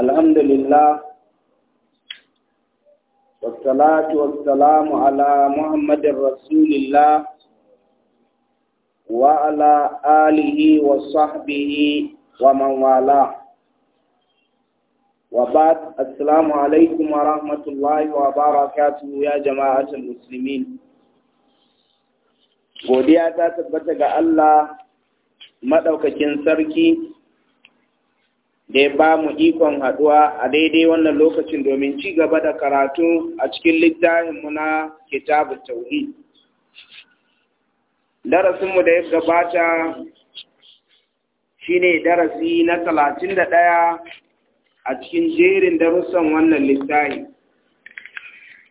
الحمد لله والصلاة والسلام على محمد رسول الله وعلى آله وصحبه ومن والاه وبعد السلام عليكم ورحمة الله وبركاته يا جماعة المسلمين godiya ta tabbata ga Allah maɗaukakin sarki da ya ba mu ikon haɗuwa a daidai wannan lokacin domin ci gaba da karatu a cikin littafinmu na kitabun tauhid darasinmu da ya gabata shine darasi na talatin da ɗaya a cikin jerin darussan wannan littafi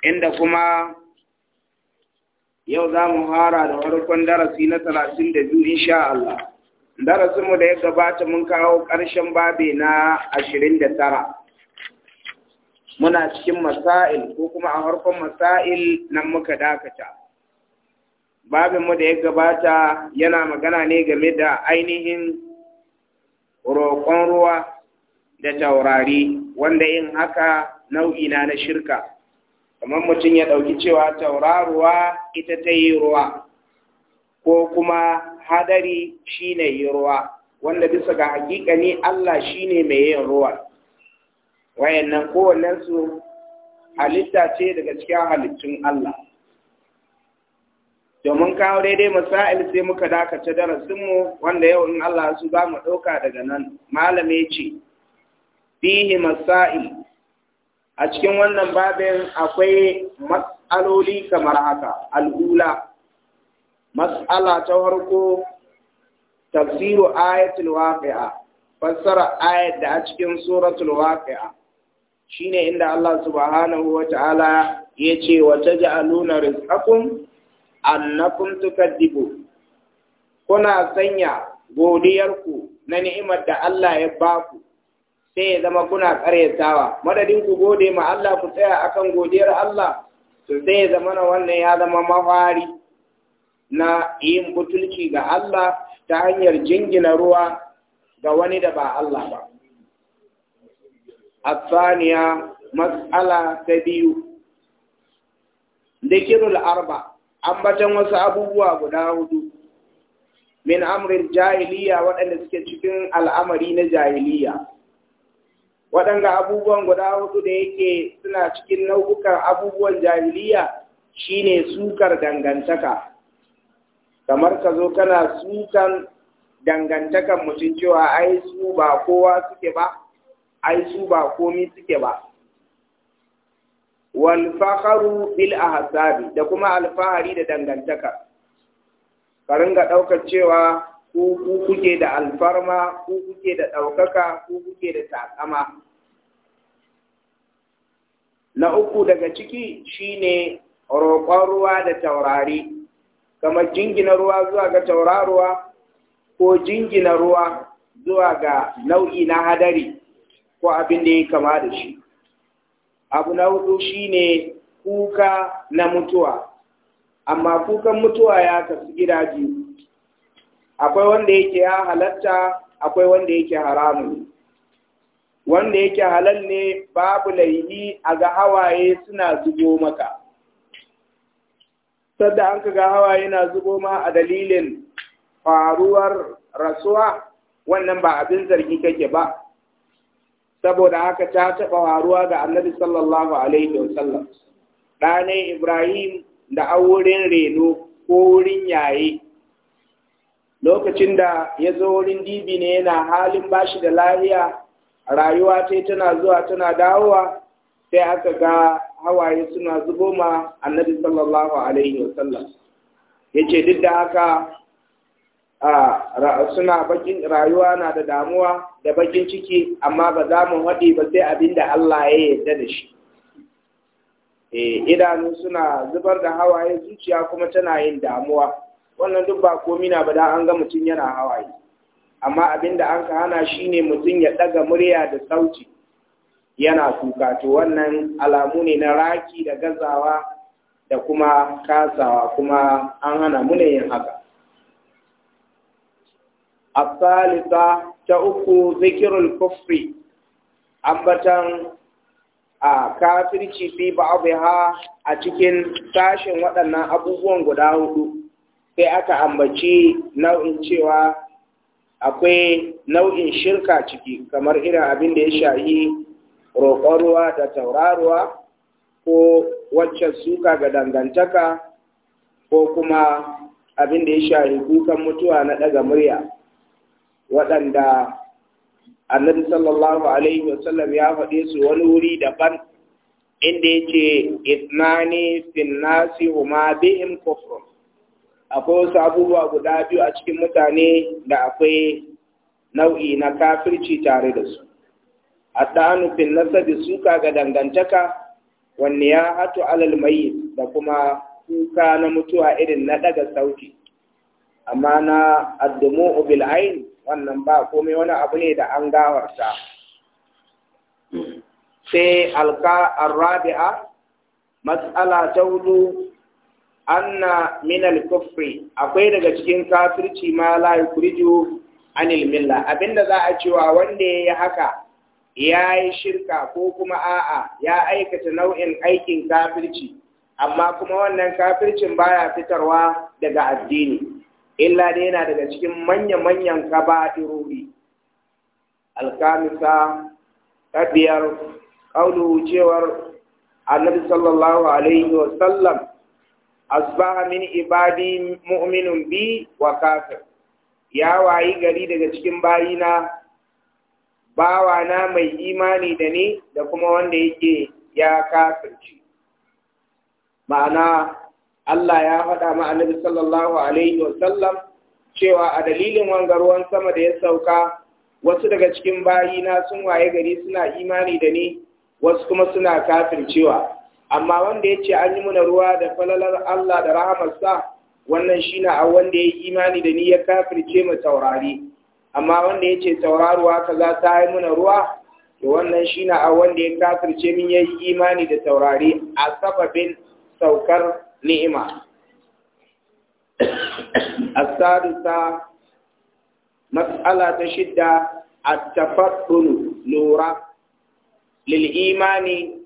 inda kuma yau za mu hara da farkon darasi na talatin da biyu insha Allah darasinmu da ya gabata mun kawo ƙarshen babi na ashirin da tara muna cikin masail ko kuma a harkon masail nan muka dakata babinmu da ya gabata yana magana ne game da ainihin roƙon ruwa da taurari wanda yin haka nau'i na na shirka kamar mutum ya ɗauki cewa tauraruwa ita ta yi ruwa ko kuma hadari shine yi ruwa wanda bisa ga hakika ni Allah shine mai yin ruwa wayannan kowannen su halitta ce daga cikin halittun Allah domin kawo daidai masa'il sai muka dakata darasinmu wanda yau in Allah su ba mu ɗauka daga nan malame ce Bihi, masa'il a cikin wannan babin akwai matsaloli kamar haka al'ula mas'ala ta farko tafsiru ayatul waqi'a fassara ayat da a cikin suratul waqi'a shine inda Allah subhanahu wata'ala yace wa taj'aluna rizqakum annakum tukadibu kuna sanya godiyarku na ni'imar da Allah ya baku sai ya zama kuna karyatawa madadin ku gode ma Allah ku tsaya akan godiyar Allah to sai ya zama wannan ya zama mafari na yin butulci ga Allah ta hanyar jingina ruwa ga wani da ba Allah ba. Asaniya matsala ta biyu, dikirul arba, ambatan wasu abubuwa guda hudu, min amrin jahiliya waɗanda suke cikin al'amari na jahiliya. Waɗanga abubuwan guda hudu da yake suna cikin nau'ukan abubuwan jahiliya shine sukar dangantaka. kamar ka zo kana sukan dangantakan mutum cewa ai su ba kowa suke ba ai su ba komi suke ba wal fakharu bil ahsabi da kuma alfahari da dangantaka ka ringa daukar cewa ku kuke da alfarma ku kuke da daukaka ku kuke da takama na uku daga ciki shine roƙon ruwa da taurari kamar jingina ruwa zuwa ga tauraruwa ko jingina ruwa zuwa ga nau'i na hadari ko abin da ya kama da shi abu na hudu shine kuka na mutuwa amma kukan mutuwa ya kasu gida biyu akwai wanda yake ya halatta akwai wanda yake haramun wanda yake halal ne babu laifi a ga hawaye suna zubo maka sadda an ga hawa yana zubo ma a dalilin faruwar rasuwa wannan ba abin zargi kake ba saboda haka ta taɓa faruwa ga annabi sallallahu alaihi wasallam ɗane ibrahim da auren reno ko wurin yaye lokacin da ya zo wurin dibi ne yana halin bashi da lahiya rayuwa ce tana zuwa tana dawowa sai aka ga hawaye suna zubo ma annabi sallallahu alaihi wasallam yace duk da haka suna bakin rayuwa na da damuwa da bakin ciki amma ba za mu haɗi ba sai abinda Allah ya yarda da shi eh idanu suna zubar da hawaye zuciya kuma tana yin damuwa wannan duk ba komi na ba da an ga mutum yana hawaye amma abinda an ka hana shine mutum ya ɗaga murya da sauti yana kuka to wannan alamu ne na raki da gazawa da kuma kasawa kuma an hana mu ne yin haka asalisa ta uku zikirul kufri ambatan a kafirci fi ba'dha a cikin sashin waɗannan abubuwan guda hudu sai aka ambaci nau'in cewa akwai nau'in shirka ciki kamar irin abin da ya shahi roƙon da tauraruwa ko waccan suka ga dangantaka ko kuma abin da ya shari kukan mutuwa na ɗaga murya waɗanda annabi sallallahu alaihi wasallam ya faɗe su wani wuri daban inda ya ce itnani finnasi huma bihim kufrun akwai wasu abubuwa guda biyu a cikin mutane da akwai nau'i na kafirci tare da su addanu fil nasabi suka ga dangantaka wanne ya hatu alal mayyit da kuma kuka na mutuwa irin na daga sauki? amma na addumu bil ain wannan ba komai wani abu ne da an gawarta sai alka arrabi'a mas'ala ta hudu anna min al-kufri akwai daga cikin kafirci ma la yukriju anil milla abinda za a cewa wanda yayi haka ya yi shirka ko kuma a'a ya aikata nau'in aikin kafirci amma kuma wannan kafircin baya fitarwa daga addini illa da yana daga cikin manya-manyan kaba'irori alkamisa ta biyar ƙaulu cewar annabi sallallahu alaihi wasallam asbaha min ibadi mu'minun bi wa kafir ya wayi gari daga cikin bayina bawana mai imani da ni da kuma wanda yake ya kafirci ma'ana Allah ya faɗa ma annabi sallallahu alaihi wa sallam cewa a dalilin wanga ruwan sama da ya sauka wasu daga cikin bayina sun waye gari suna imani da ni wasu kuma suna kafircewa amma wanda yace ce an yi muna ruwa da falalar Allah da rahamarsa wannan shi na a wanda ya yi imani da ni ya kafirce mu taurari amma wanda ya ce tauraruwa kaza ta yi muna ruwa to wannan shi na a wanda ya kafirce min ya yi imani da taurari a sababin saukar ni'ima asadisa matsala ta shidda a tafaddun lura lil imani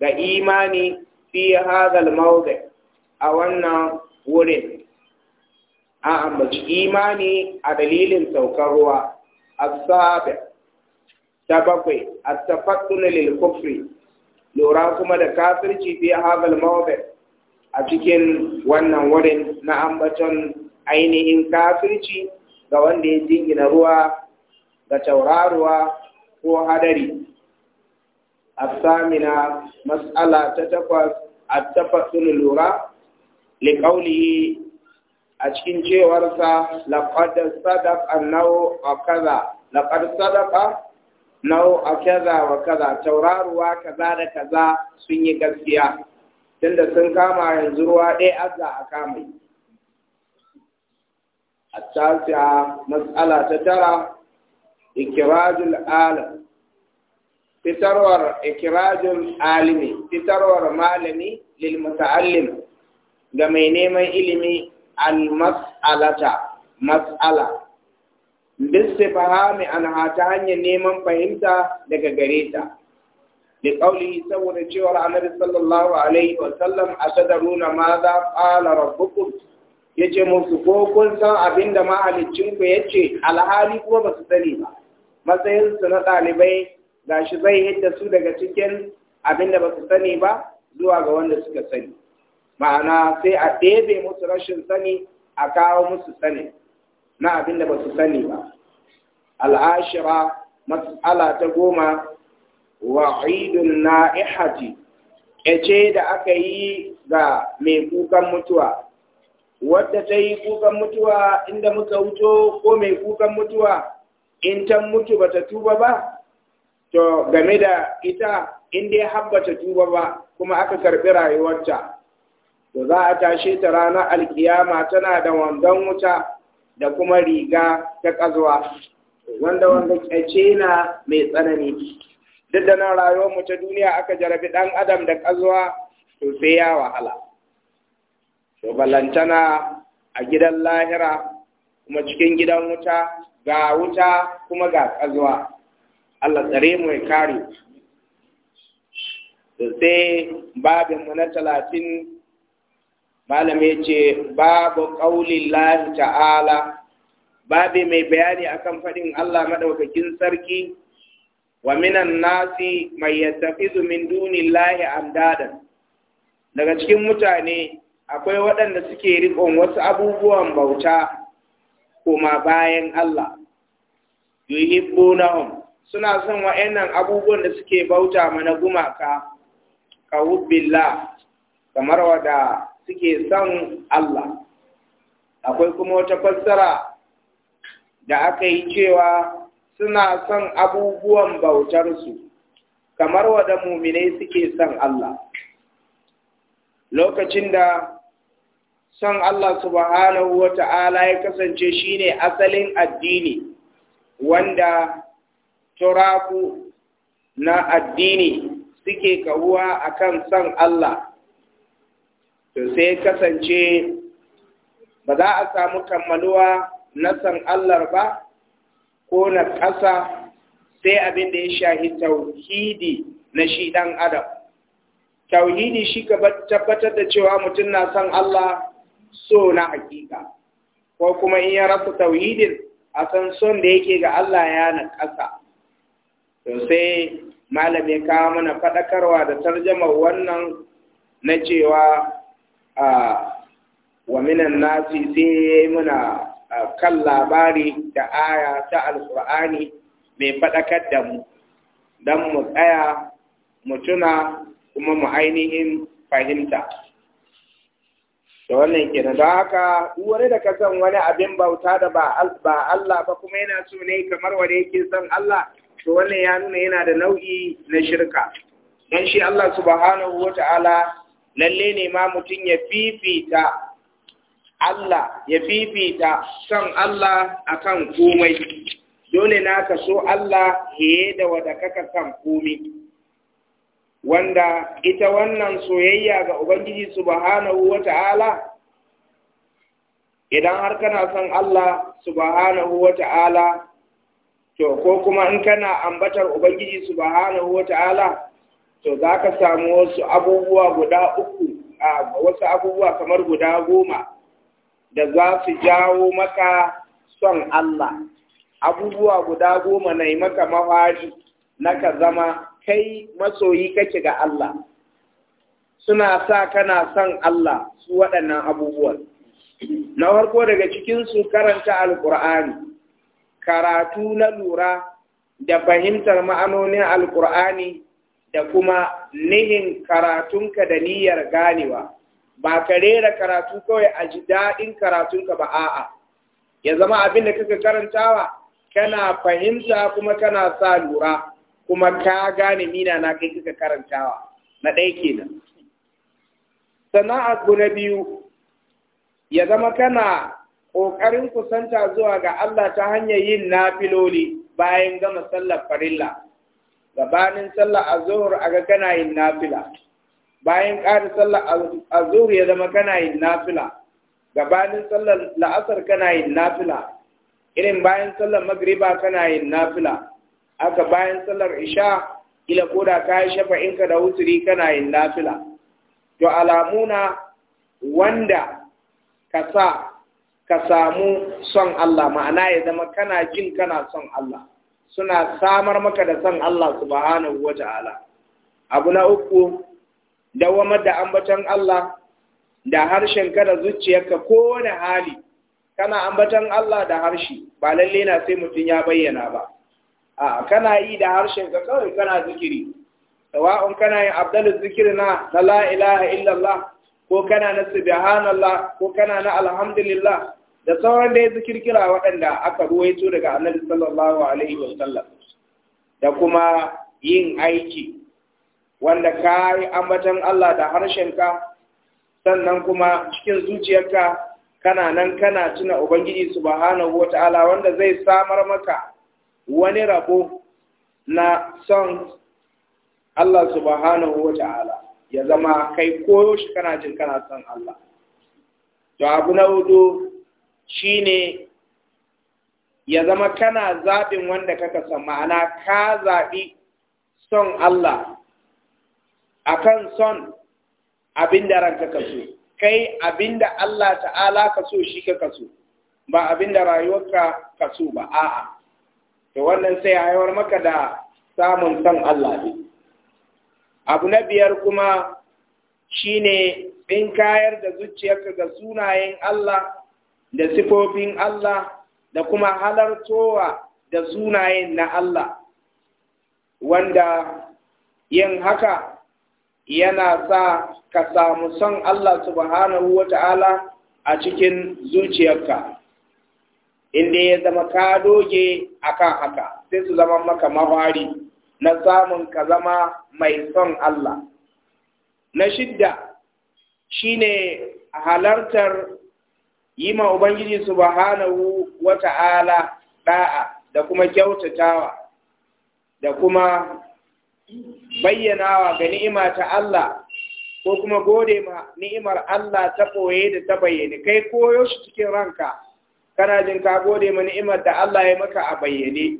ga imani fi hadal al a wannan wurin A ambaci imani a dalilin saukar ruwa asabi ta bakwai at lil kufri lura kuma da kafirci fi hadal mawdi a cikin wannan wurin na ambaton ainihin kafirci ga wanda ya jingina ruwa ga tauraruwa ko hadari asamina mas'ala ta takwas at lura liqawlihi a cikin cewarsa laqad sadaqa annahu akaza laqad sadaqa nau a kaza wa kaza tauraruwa kaza da kaza sun yi gaskiya tunda sun kama yanzu ruwa ɗaya azza a kama yi a tasiya matsala ta tara ikirajul alam fitarwar ikirajul alimi fitarwar malami lil muta'allim ga mai neman ilimi al-mas'alata mas'ala bisifahami anha ta hanyar neman fahimta daga gare ta da kauli saboda cewa annabi sallallahu alaihi wa sallam asadaruna ma za qala rabbukum yace musu ko kun san abinda mahaliccin ku yace alhali kuma ba su sani ba matsayin su na dalibai gashi zai hidda su daga cikin abinda ba su sani ba zuwa ga wanda suka sani ma'ana sai a ɗebe musu rashin sani a kawo musu sani na abin da ba su sani ba al'ashira mas'ala ta goma wa na na'ihati ece da aka yi ga mai kukan mutuwa wadda ta yi kukan mutuwa inda muka wuto ko mai kukan mutuwa in ta mutu ba ta tuba ba to game da ita in dai ta tuba ba kuma aka karɓi rayuwarta to za a tashe ta ranar alkiyama tana da wandon wuta da kuma riga ta ƙazuwa wanda wanda ƙyace na mai tsanani duk da nan mu ta duniya aka jarabi ɗan adam da ƙazuwa to sai ya wahala to balantana a gidan lahira kuma cikin gidan wuta ga wuta kuma ga ƙazuwa Allah tsare mu ya kare to sai babinmu na talatin malam ya ce babu ƙaunin lahi ta'ala babu mai bayani akan faɗin Allah maɗaukakin sarki wa minan nasi mai yattafizu zumin duni lahi amdadan daga cikin mutane akwai waɗanda suke riƙon wasu abubuwan bauta kuma bayan Allah yuhibbunahum suna son wa'annan abubuwan da suke bauta mana gumaka ka hubbillah kamar wada suke son Allah akwai kuma wata fassara da aka yi cewa suna son abubuwan bautar su, kamar wada muminai suke son Allah lokacin da son Allah subhanahu wa ya kasance shine asalin addini wanda turaku na addini suke kawuwa akan son Allah to sai kasance ba za a samu kammaluwa na san Allah ba ko na ƙasa sai abin da ya shahi tauhidi na shi ɗan adam tauhidi shi ka tabbatar da cewa mutum na san Allah so na hakika ko kuma in ya rasa tauhidin a san son da yake ga Allah ya na ƙasa to sai malamai ya kawo mana faɗakarwa da tarjamar wannan na cewa wa minan nasi sai muna kan labari da aya ta alkur'ani mai faɗakar da mu don mu tsaya mu tuna kuma mu ainihin fahimta da wannan kenan don haka wani da ka san wani abin bauta da ba Allah ba kuma yana so ne kamar wani yake son Allah to wannan ya nuna yana da nau'i na shirka don shi Allah subhanahu wa ta'ala lalle ne ma mutum ya fifita Allah ya fifita son Allah akan komai dole na ka so Allah heye da wada kaka kan komai wanda ita wannan soyayya ga Ubangiji subhanahu wa ta'ala idan har kana son Allah subhanahu wa ta'ala to ko kuma in kana ambatar Ubangiji subhanahu wa ta'ala to za ka samu wasu abubuwa guda uku a wasu abubuwa kamar guda goma da za su jawo maka son Allah abubuwa guda goma na yi maka mafari na ka zama kai masoyi kake ga Allah suna sa kana son Allah su waɗannan abubuwan na farko daga cikinsu karanta Alƙur'ani, karatu na lura da fahimtar ma'anonin Alƙur'ani. da kuma nihin karatunka da niyyar ganewa ba ka rera karatu kawai a ji daɗin karatunka ba a'a ya zama abin da kaka karantawa kana fahimta kuma kana sa lura kuma ka gane mina na kai kaka karantawa na ɗaya kenan sana'ar na biyu ya zama kana ƙoƙarin kusanta zuwa ga Allah ta hanyar yin nafiloli bayan gama sallar farilla gabanin sallar azhur aga kana yin nafila bayan ƙara sallar azhur ya zama kana yin nafila gabanin sallar la'asar kana yin nafila irin bayan sallar magriba kana yin nafila aka bayan sallar isha ila koda ka yi shafa'inka da wuturi kana yin nafila to alamuna wanda ka sa ka samu son Allah ma'ana ya zama kana jin kana son Allah suna samar maka da san Allah subhanahu wa ta'ala abu na uku dawamar da ambaton Allah da harshen ka da zuciyarka ko kowane hali kana ambaton Allah da harshe ba lalle na sai mutum ya bayyana ba a kana yi da harshen ka kawai kana zikiri sawa'un kana yin abdalul zikiri na la ilaha illallah ko kana na subhanallah ko kana na alhamdulillah da sauran da ya kirkira waɗanda aka ruwaito daga annabi sallallahu alaihi wa sallam da kuma yin aiki wanda ka yi ambatan Allah da harshenka sannan kuma cikin zuciyarka kana nan kana tuna ubangiji subhanahu wata'ala wanda zai samar maka wani rabo na son Allah subhanahu wata'ala ya zama kai koyo shi kana jin kana son Allah to abu na hudu Shi ne ya zama kana zaɓin wanda kaka san ma'ana ka zaɓi son Allah kan son abin da ranka ka so kai abin da Allah ta'ala ka so shi ka so ba abin da rayuwarka ka so ba a'a to wannan sai haihuwar maka da samun son Allah ne abu na biyar kuma shi ne in kayar da zuciyarka ga sunayen Allah da sifofin Allah da kuma halartowa da sunayen na Allah wanda yin haka yana sa ka samu son Allah subhanahu wa ta'ala a cikin zuciyarka inda ya zama ka doge akan haka sai su zama maka mahari na samun ka zama mai son Allah na shidda shine halartar yi ma ubangiji su subhanahu ala, ɗa'a da kuma kyautatawa da kuma bayyanawa ga ni'ima ta Allah ko kuma gode ma ni'imar Allah ta ɓoye da ta bayyane kai koyo shi cikin ranka kana jin ka gode ma ni'imar da Allah ya maka a bayyane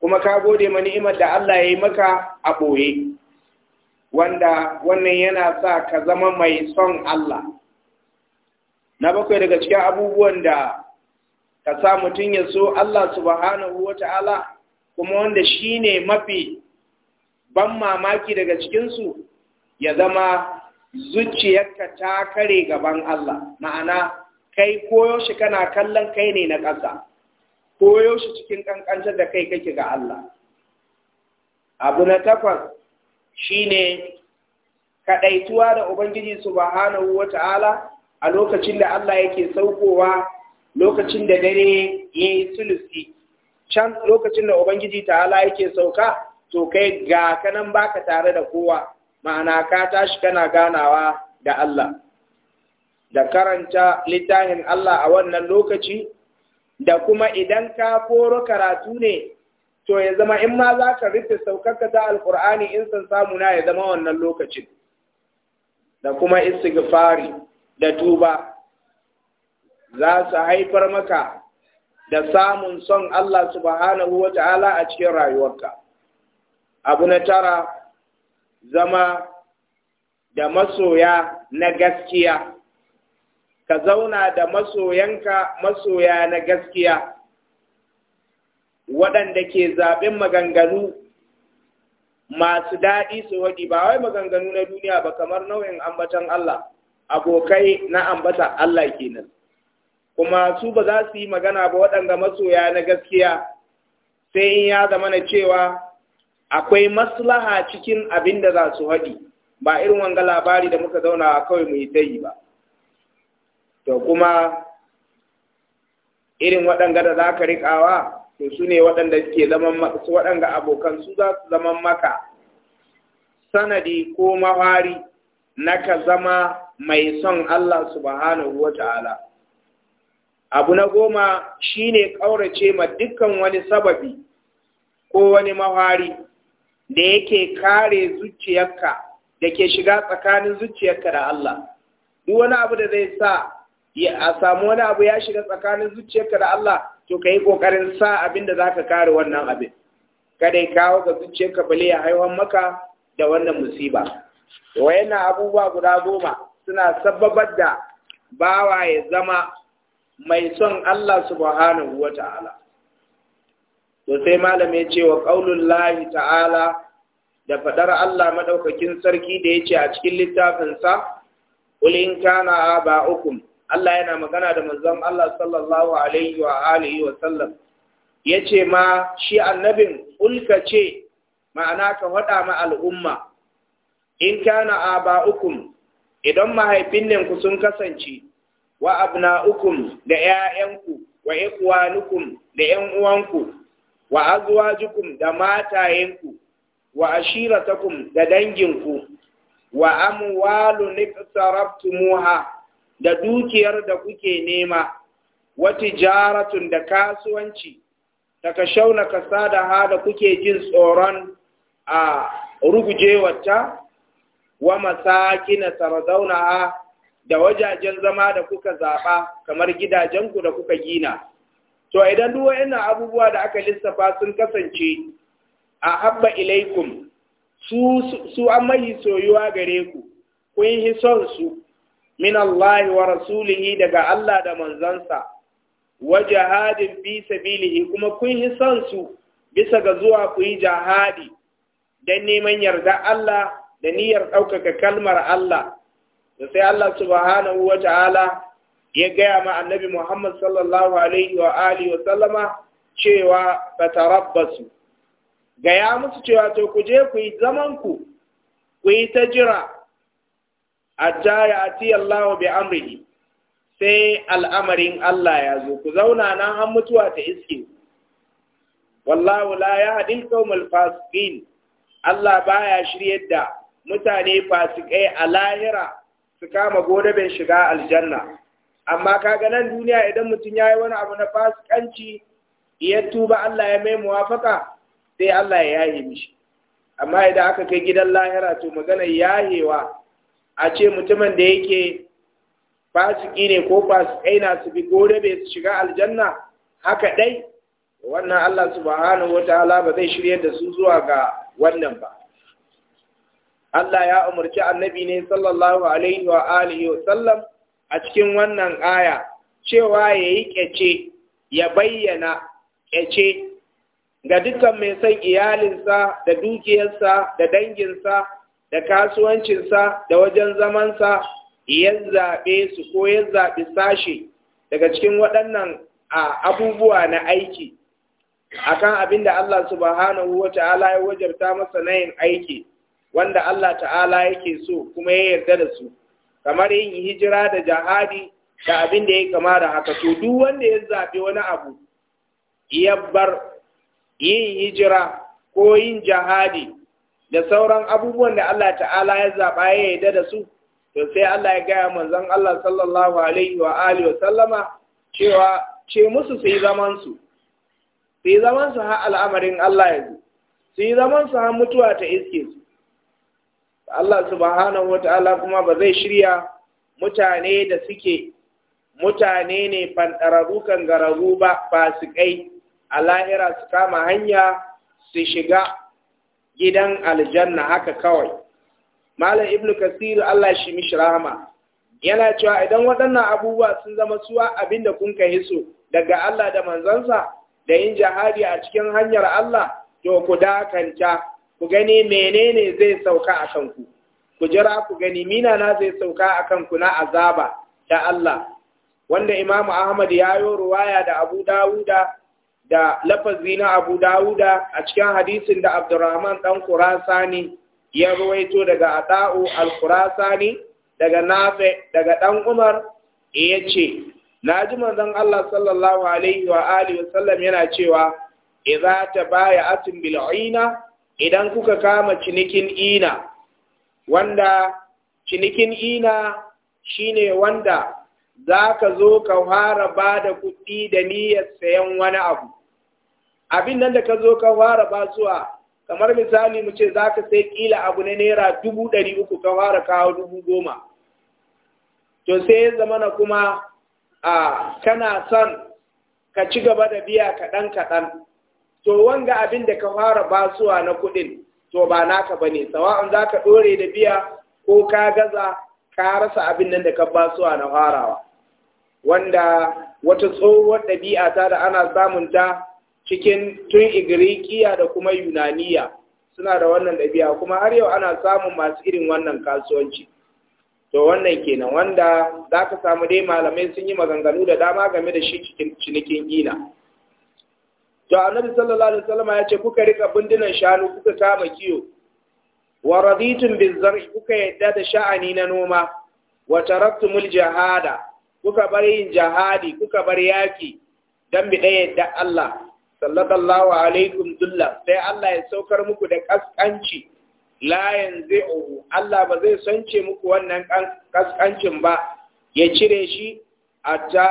kuma ka gode ma ni'imar da Allah ya yi maka a ɓoye wanda wannan yana sa ka zama mai son Allah na bakwai daga cikin abubuwan da ka sa mutum ya so Allah subhanahu wa kuma wanda shi ne mafi ban mamaki daga cikinsu ya zama zuciyarka ta kare gaban Allah ma'ana kai koyaushe kana kallon kai ne na ƙasa koyaushe cikin ƙanƙantar da kai kake ga Allah abu na takwas shi ne kaɗaituwa da Ubangiji subhanahu wa ta'ala a lokacin da Allah yake saukowa lokacin da dare ya yi sulusi can lokacin da ubangiji ta ta'ala yake sauka to kai ga kanan baka tare da kowa ma'ana ka tashi kana ganawa da Allah da karanta littafin Allah a wannan lokaci da kuma idan ka koro karatu ne to ya zama in ma za ka rufe saukarka ta alkur'ani in san samu na ya zama wannan lokacin da kuma istighfari da tuba za su haifar maka da samun son Allah subhanahu wa ta'ala a cikin rayuwarka. Abu na tara zama da masoya na gaskiya, ka zauna da masoyanka masoya na gaskiya, waɗanda ke zaɓen maganganu masu daɗi su waɗi ba wai maganganu na duniya ba kamar nau'in ambatan Allah. abokai na ambata Allah kenan kuma su ba za su yi magana ba waɗanda masoya na gaskiya sai in ya zama na cewa akwai maslaha cikin abin da za su haɗi ba irin wanga labari da muka zauna kawai mu ta yi ba to kuma irin waɗanda da za ka riƙawa to su ne waɗanda suke zaman waɗanda abokan su za su zaman maka sanadi ko mahari na ka zama mai son Allah subhanahu wa ta'ala. Abu na goma shi ne ƙaurace ma dukkan wani sababi ko wani mahari da yake kare zuciyarka da ke shiga tsakanin zuciyarka da Allah. Duk wani abu da zai sa a samu wani abu ya shiga tsakanin zuciyarka da Allah to ka yi ƙoƙarin sa abin da za ka kare wannan abin. Kada ya kawo ga zuciyarka bale ya haihuwan maka da wannan musiba. Wayannan abubuwa guda goma suna sababar da bawa ya zama mai son Allah subhanahu wa ta'ala. To sai malam ya ce wa ƙaunin lahi ta'ala da faɗar Allah maɗaukakin sarki da ya ce a cikin littafinsa, ƙulin kana ba ukun, Allah yana magana da manzon Allah sallallahu Alaihi wa Alaihi wa sallam. Ya ce ma shi annabin ulka ce ma'ana ka faɗa ma al'umma, in kana a ba ukun idan mahaifin sun kasance wa abna'ukum da 'ya'yanku wa ikwanukum da 'yan uwanku wa azwajukum da matayenku wa ashiratakum da danginku wa amwalu iqtarabtumuha da dukiyar da kuke nema wa tijaratun da kasuwanci daga shauna kasada ha da kuke jin tsoron a rugujewarta wa masakina tarzauna da wajajen zama da kuka zaɓa kamar gidajenku da kuka gina. To idan duk waɗannan abubuwa da aka lissafa sun kasance a habba ilaikum su su an mahi soyuwa gare ku kun yi son su min Allah wa rasulihi daga Allah da manzansa wa jihadin fi sabilihi kuma kun yi son su bisa ga zuwa ku yi jihadi dan neman yarda Allah da niyyar ɗaukaka kalmar Allah da sai Allah subhanahu wa ta'ala ya gaya ma annabi Muhammad sallallahu alaihi wa alihi wa sallama cewa fatarabbasu gaya musu cewa to ku je ku yi zaman ku ku yi ta jira jaya a ati Allah bi amrihi sai al'amarin Allah ya zo ku zauna nan an mutuwa ta iske wallahu la yahdi al-qawmal fasiqin Allah baya shiryar da mutane fasikai a lahira su kama gode bai shiga aljanna amma kaga nan duniya idan mutum ya yi wani abu na fasikanci ya tuba Allah ya mai muwafaka sai Allah ya yaye mishi amma idan aka kai gidan lahira to magana yahewa, a ce mutumin da yake fasiki ne ko fasikai na su bi gode su shiga aljanna haka dai wannan Allah subhanahu wataala ba zai shirye da su zuwa ga wannan ba Allah ya umarci annabi ne sallallahu alaihi wa alihi wa sallam a cikin wannan aya cewa ya yi ƙyace ya bayyana ƙyace ga dukkan mai son iyalinsa da dukiyarsa da danginsa da kasuwancinsa da wajen zamansa ya zaɓe su ko ya zaɓi sashe daga cikin waɗannan abubuwa na aiki akan abin da Allah subhanahu wa ta'ala ya wajarta masa na yin aiki. wanda Allah ta'ala yake so kuma ya yarda da su kamar yin hijira da jahadi da abin da ya kama da haka to duk wanda ya zabe wani abu ya bar yin hijira ko yin jahadi da sauran abubuwan da Allah ta'ala ya zaba ya yarda da su to sai Allah ya gaya manzon Allah sallallahu alaihi wa alihi wa sallama cewa ce musu su yi zaman su su zaman su ha al'amarin Allah ya zo su yi zaman su har mutuwa ta iske su Allah subhanahu ta’ala kuma ba zai shirya mutane da suke mutane ne fantararru kan gararu ba su kai a lahira su kama hanya su shiga gidan aljanna haka kawai malam ibnu kasir Allah shi mishi rahama yana cewa idan waɗannan abubuwa sun zama suwa abinda kun kai su daga Allah da manzansa da yin jihadi a cikin hanyar Allah to ku dakanta ku gani menene zai sauka a kanku ku jira ku gani mina na zai sauka a kanku na azaba ta Allah wanda Imam Ahmad ya yi ruwaya da Abu Dawuda da lafazi na Abu Dawuda a cikin hadisin da Abdurrahman dan Qurasani ya ruwaito daga Ata'u al-Qurasani daga Nafi daga dan Umar ya Na naji manzon Allah sallallahu alaihi wa alihi wasallam yana cewa baya atin bil'ina idan kuka kama cinikin ina wanda cinikin ina shine wanda za ka zo ka fara ba da kuɗi da niyyar sayan wani abu abin nan da ka zo ka fara ba zuwa kamar misali mu ce za ka sai ƙila abu na naira dubu ɗari uku ka fara kawo dubu goma to sai ya zamana kuma a kana son ka ci gaba da biya kaɗan kaɗan to wanga abin da ka fara basuwa na kuɗin to ba naka ba ne sawa'an za ka ɗore da biya ko ka gaza ka rasa abin nan da ka basuwa na farawa wanda wata tsohuwar ɗabi'a ta da ana samun ta cikin tun igirikiya da kuma yunaniya suna da wannan ɗabi'a kuma har yau ana samun masu irin wannan kasuwanci to wannan kenan wanda za ka samu dai malamai sun yi maganganu da dama game da shi cikin cinikin ina to annabi sallallahu alaihi wasallam ya ce kuka rika bindinan shanu kuka kama kiyo wa raditum bil zar'i kuka yadda da sha'ani na noma wa taraktumul jihada kuka bar yin jihadi kuka bar yaki dan bi yadda Allah sallallahu alaikum dulla sai Allah ya saukar muku da kaskanci la yanzi'u Allah ba zai sance muku wannan kaskancin ba ya cire shi a ta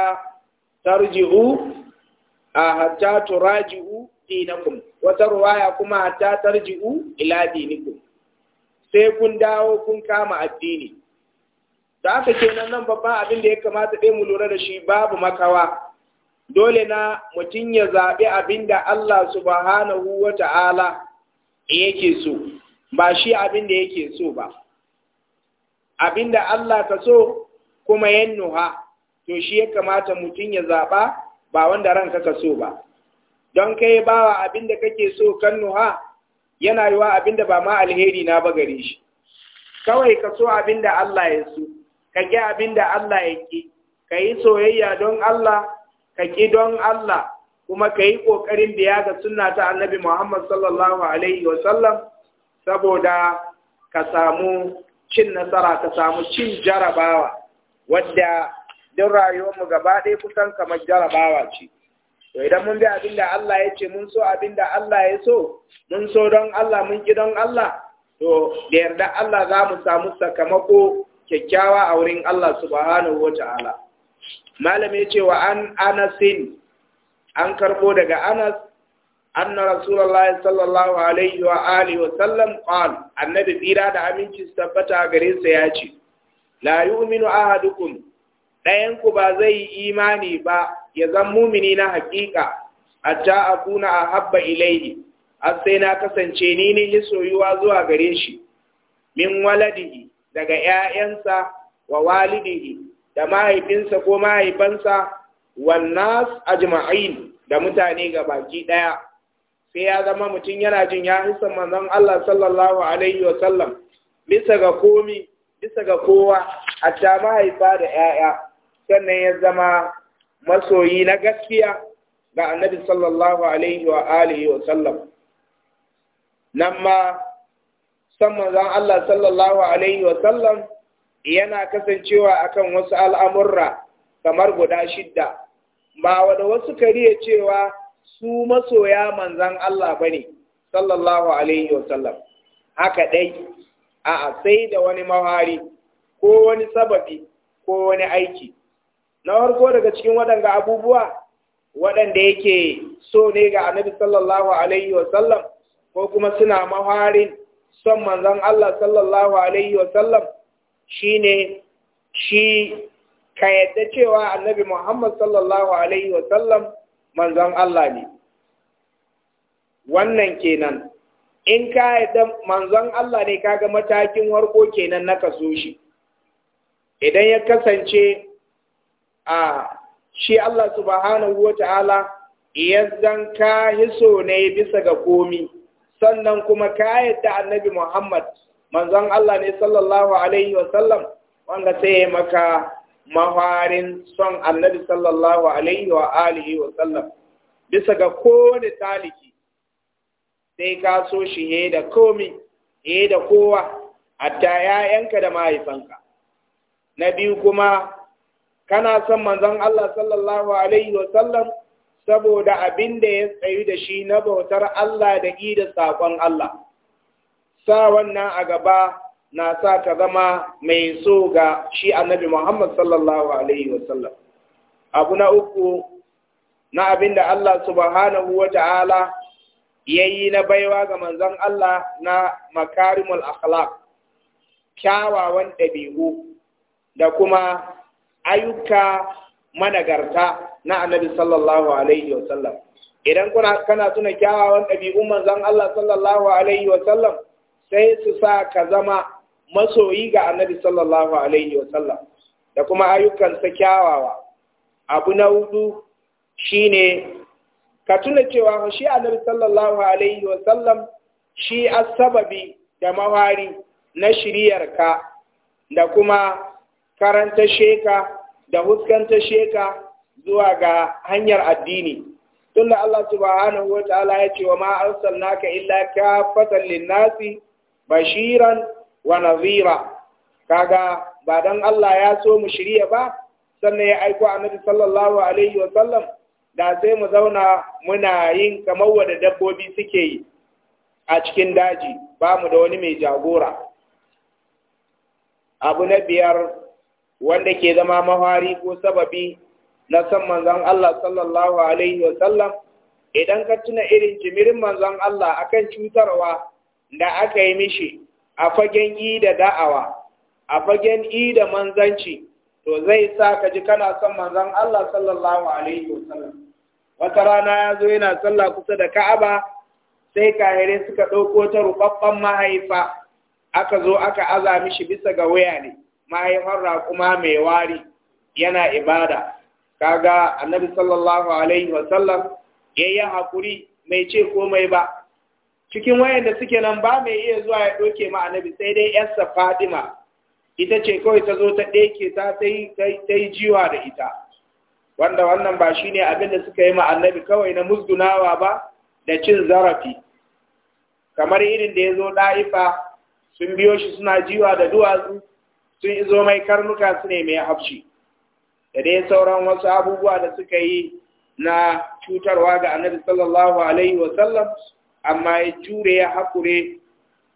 tarji'u a hatta turaji'u dinakum wata tarwaya kuma hatta tarji'u ila dinikum sai kun dawo kun kama addini da aka ce nan babban abin da ya kamata ɗaya mu lura da shi babu makawa dole na mutum ya zaɓi abin da Allah subhanahu wa ta'ala yake so ba shi abin da yake so ba abin da Allah ka so kuma yannuha nuha to shi ya kamata mutum ya zaɓa ba wanda ranka ka so ba don kai bawa abin da kake so kan nuha yana yiwa abin da ba ma alheri na ba gare shi kawai ka so abin da Allah ya so ka ƙi abin da Allah ya ka yi soyayya don Allah ka ƙi don Allah kuma ka yi ƙoƙarin biya ga sunna ta annabi Muhammad sallallahu alaihi wasallam saboda ka samu cin nasara ka samu cin jarabawa wadda rayuwar mu gaba ɗaya kusan kamar jarabawa ce to idan mun bi abin da Allah ya ce mun so abin da Allah ya so mun so don Allah mun ki don Allah to da yarda Allah za mu samu sakamako kyakkyawa a wurin Allah subhanahu wa ta'ala malam ya ce wa an anasin an karbo daga anas anna rasulullahi sallallahu alaihi wa alihi wa sallam qal annabi tsira da aminci tabbata gare sa ya ce la yu'minu ahadukum ɗayanku ba zai yi imani ba ya zan mumini na haƙiƙa a ta akuna a habba ilaihi Asai sai na kasance ni ne soyuwa zuwa gare shi min waladihi daga ‘ya'yansa wa walidihi da mahaifinsa ko mahaifansa a ajma'in da mutane ga baki ɗaya sai ya zama mutum yana jin ya hisan manzon Allah sallallahu alaihi wa bisa ga komi bisa ga kowa hatta mahaifa da ‘ya'ya sannan ya zama masoyi na gaskiya ga annabi sallallahu alaihi wa alihi wa sallam nan ma san manzon Allah sallallahu alaihi wa sallam yana kasancewa akan wasu al'amurra kamar guda shidda ba wada wasu kariya cewa su masoya manzan Allah bane sallallahu alaihi wa sallam haka dai a sai da wani mahari ko wani sababi ko wani aiki na farko daga cikin waɗanga abubuwa waɗanda yake so ne ga annabi sallallahu alaihi wa sallam ko kuma suna maharin son manzon Allah sallallahu alaihi wa sallam shine shi ka yadda cewa annabi Muhammad sallallahu alaihi wa sallam manzon Allah ne wannan kenan in ka yadda manzon Allah ne kaga matakin warko kenan na kaso shi idan ya kasance a shi Allah subhanahu wa ta'ala yazdan ka hiso ne bisa ga komi sannan kuma ka yadda annabi Muhammad manzon Allah ne sallallahu alaihi wa sallam wanda sai maka maharin son annabi sallallahu alaihi wa alihi wa sallam bisa ga kowane taliki sai ka so shi he da komi he da kowa hatta ‘ya'yanka da mahaifanka na biyu kuma kana son manzon Allah sallallahu alaihi wa sallam saboda abin da ya tsayu da shi na bautar Allah da ƙi da saƙon Allah sa wannan a gaba na sa ka zama mai so ga shi annabi Muhammad sallallahu alaihi wa sallam abu na uku na abin da Allah subhanahu wa ta'ala ya yi na baiwa ga manzon Allah na makarimul akhlaq kyawawan ɗabi'u da kuma ayyuka managarta na annabi sallallahu alaihi wa sallam idan kuna kana tuna kyawawan ɗabi'un manzon Allah sallallahu alaihi wa sallam sai su sa ka zama masoyi ga annabi sallallahu alaihi wa sallam da kuma ayyukan sa kyawawa abu na hudu shine ka tuna cewa shi annabi sallallahu alaihi wa sallam shi as-sababi da mawari na shiriyarka. da kuma karanta sheka da huskanta sheka zuwa ga hanyar addini tun da Allah subhanahu wa ta'ala ya ce wa ma arsalnaka illa kafatan linnasi bashiran wa nadhira kaga ba dan Allah ya so mu shirya ba sannan ya aiko annabi sallallahu alaihi wa sallam da sai mu zauna muna yin kamar wadda dabbobi suke yi a cikin daji ba mu da wani mai jagora abu na biyar wanda ke zama mahari ko sababi na san manzan Allah sallallahu alaihi wa idan ka tuna irin jimirin manzan Allah akan cutarwa da aka yi mishi a fagen yi da da'awa a fagen yi da manzanci to zai sa ka ji kana son manzan Allah sallallahu alaihi wa wata rana ya zo yana sallah kusa da Ka'aba sai kahirai suka ɗauko ta ruɓaɓɓen mahaifa aka zo aka aza mishi bisa ga waya ne mahaifar kuma mai wari yana ibada kaga annabi sallallahu alaihi wasallam ya yi haƙuri mai ce komai ba cikin wayanda suke nan ba mai iya zuwa ya ɗauke ma annabi sai dai yarsa fadima ita ce kawai ta zo ta ɗeke ta ta yi jiwa da ita wanda wannan ba shine abin da suka yi ma annabi kawai na musgunawa ba da cin zarafi kamar irin da ya zo ɗa'ifa sun biyo shi suna jiwa da duwatsu sun izo mai karnuka su ne mai hafshi da dai sauran wasu abubuwa da suka yi na cutarwa ga annabi sallallahu alaihi wasallam amma ya jure ya haƙure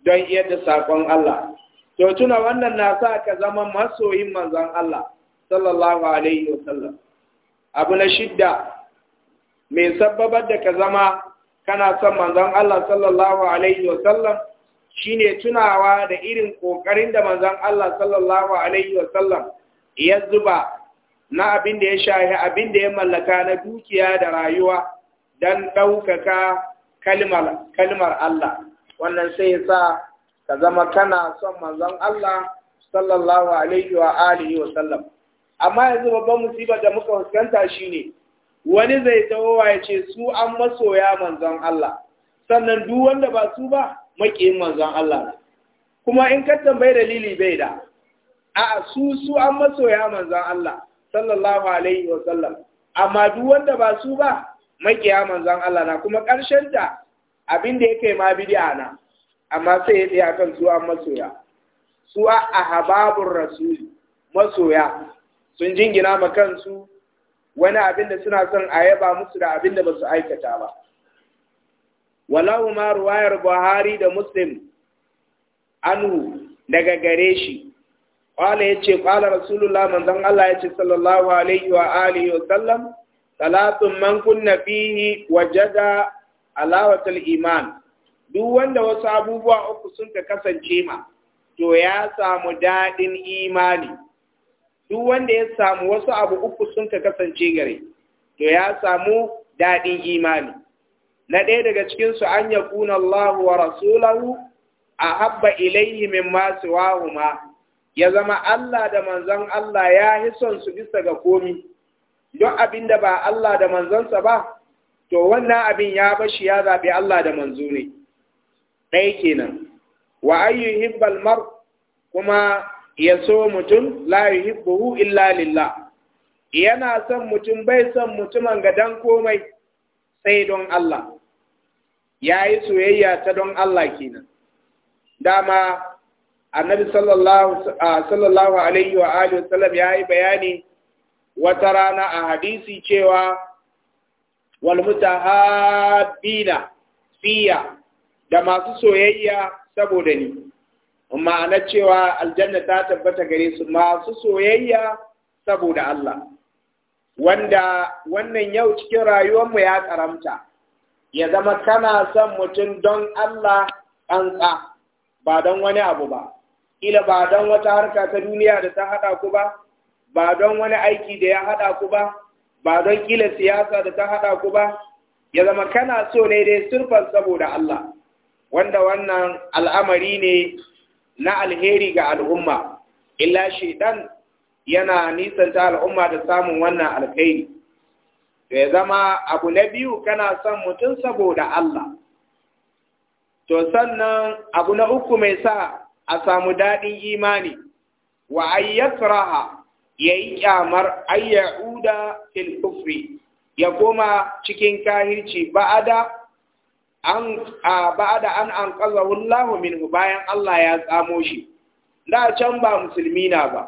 don yadda saƙon Allah. To tuna wannan na sa ka zama masoyin manzon Allah sallallahu alaihi wasallam. Abu na shidda mai sababar da ka zama kana son manzon Allah sallallahu alaihi wasallam shine tunawa da irin ƙoƙarin da manzon Allah sallallahu alaihi wasallam ya zuba na abin da ya shahi abin da ya mallaka na dukiya da rayuwa don ɗaukaka kalmar Allah wannan sai sa ka zama kana son manzon Allah sallallahu alaihi wa alihi wasallam sallam amma yanzu babban musiba da muka fuskanta shine wani zai tawowa ya ce su an masoya manzon Allah sannan duk wanda ba su ba maƙiyin manzon Allah kuma in ka tambayi dalili bai da a su su an masoya manzon Allah sallallahu alaihi wa sallam amma duk wanda ba su ba maƙiya manzon Allah na kuma ƙarshen ta abin da yake ma bid'a na amma sai ya tsaya kan su an masoya su a ahbabur rasuli masoya sun jingina ma kansu wani abin da suna son a yaba musu da abin da ba su aikata ba walau ma ruwayar Buhari da Muslim Anu daga gare shi ya ce qala rasulullah manzon Allah ya ce sallallahu alaihi wa alihi wa sallam salatun man kunna fihi wajada alawatul iman duk wanda wasu abubuwa uku sun ka kasance ma to ya samu daɗin imani duk wanda ya samu wasu abu uku sun ka kasance gare to ya samu daɗin imani na ɗaya daga cikinsu an ya kuna Allah wa rasulahu a habba ilayhi min masu wahuma ya zama Allah da manzon Allah ya yi son su bisa ga komi don abin da ba Allah da manzonsa ba to wannan abin ya bashi ya zaɓi Allah da manzo ne ɗaya kenan wa ayyu hibbal mar kuma ya so mutum la yuhibbuhu illa lillah yana son mutum bai son mutumin ga dan komai sai don Allah ya yi soyayya ta don Allah kenan dama annabi sallallahu alaihi wa alihi wasallam ya yi bayani wata rana a hadisi cewa wal mutahabbina fiya da masu soyayya saboda ni ma'ana cewa aljanna ta tabbata gare su masu soyayya saboda Allah wanda wannan yau cikin rayuwarmu ya karamta ya zama kana son mutum don Allah ƙanƙa ba don wani abu ba ila ba don wata harka ta duniya da ta haɗa ku ba ba don wani aiki da ya haɗa ku ba ba don kila siyasa da ta haɗa ku ba ya zama kana so ne dai surfan saboda Allah wanda wannan al'amari ne na alheri ga al'umma illa shaidan yana nisanta al'umma da samun wannan alheri. to ya zama abu na biyu kana son mutum saboda Allah to sannan abu na uku mai sa a samu daɗin imani wa ayyakraha yayi kyamar ayyauda fil kufri ya koma cikin kahirci ba'ada an ba'ada an anqazahu Allah minhu bayan Allah ya tsamo shi da can ba musulmi na ba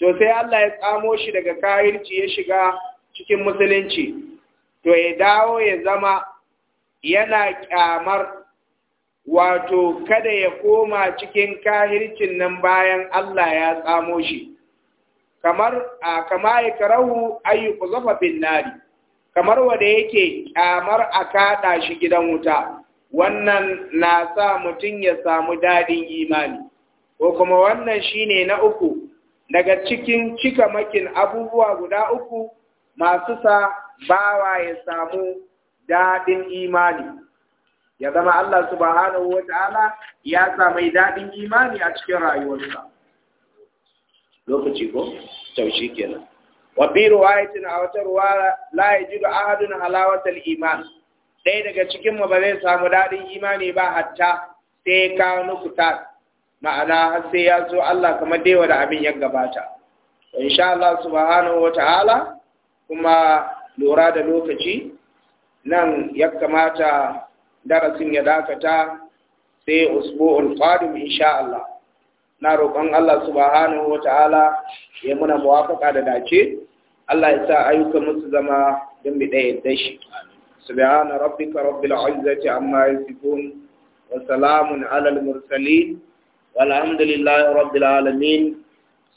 to sai Allah ya tsamo shi daga kahirci ya shiga cikin musulunci to ya dawo ya zama yana kyamar wato kada ya koma cikin kahircin nan bayan Allah ya tsamo shi kamar a kama ya karahu ayi kuzafa bin nari kamar wanda yake kyamar a kada shi gidan wuta wannan na sa mutum ya samu dadin imani ko kuma wannan shine na uku daga cikin cika makin abubuwa guda uku masu sa bawa ya samu daɗin imani ya zama Allah subhanahu wa ta'ala ya samu daɗin imani a cikin rayuwarsa lokaci ko taushi kenan wa bi a wata ruwa la yajidu ahadun halawatal iman ɗaya daga cikin mu ba zai samu daɗin imani ba hatta sai ka nukuta ma'ana sai ya zo Allah kamar dai wanda abin ya gabata insha Allah subhanahu wa ta'ala kuma lura da lokaci nan ya kamata darasin ya dakata sai usbu'ul qadim insha Allah na roƙon Allah subhanahu wata'ala ya muna muwafaka da dace Allah ya sa ayyukan musu zama don bi ɗaya da shi subhana rabbika rabbil izzati amma yasifun wa salamun alal mursalin walhamdulillahi rabbil alamin